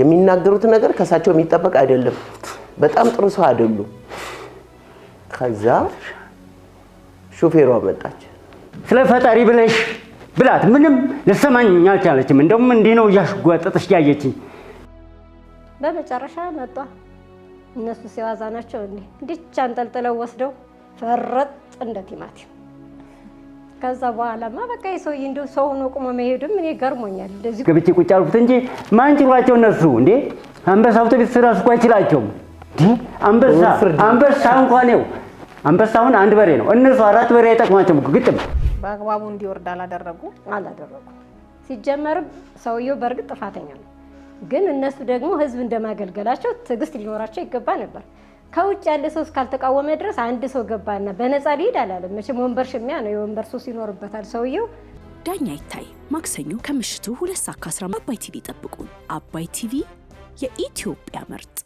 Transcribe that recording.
የሚናገሩት ነገር ከእሳቸው የሚጠበቅ አይደለም። በጣም ጥሩ ሰው አይደሉም። ከዛ ሹፌሯ መጣች። ስለ ፈጣሪ ብለሽ ብላት ምንም ልሰማኝ አልቻለችም። እንደውም እንዲህ ነው እያሽጓጠጠች ያየችኝ። በመጨረሻ መጧ። እነሱ ሲዋዛ ናቸው እንዲህ እንዲቻ አንጠልጥለው ወስደው ፈረጥ እንደ ቲማቲም ከዛ በኋላማ በቃ የሰውዬ እንደው ሰው ሆኖ ቆሞ መሄድም እኔ ገርሞኛል። እንደዚህ ገብቼ ቁጭ አልኩት እንጂ ማን ጭሯቸው እነሱ እንዴ አንበሳ አውቶቢስ እራሱ እኮ አይችላቸውም። አንበሳ አንበሳ እንኳን ነው አንበሳውን አንድ በሬ ነው፣ እነሱ አራት በሬ አይጠቅማቸውም። ግጥም በአግባቡ እንዲወርድ አላደረጉ አላደረጉ ሲጀመርም ሰውየው በእርግጥ ጥፋተኛ ነው፣ ግን እነሱ ደግሞ ህዝብ እንደማገልገላቸው ትዕግስት ሊኖራቸው ይገባ ነበር። ከውጭ ያለ ሰው እስካልተቃወመ ድረስ አንድ ሰው ገባና በነፃ ሊሄድ አላለም። መቼም ወንበር ሽሚያ ነው፣ የወንበር ሱስ ይኖርበታል ሰውየው። ዳኛ ይታይ ማክሰኞ ከምሽቱ ሁለት ሰዓት ከአስራ አባይ ቲቪ ጠብቁን። አባይ ቲቪ የኢትዮጵያ ምርጥ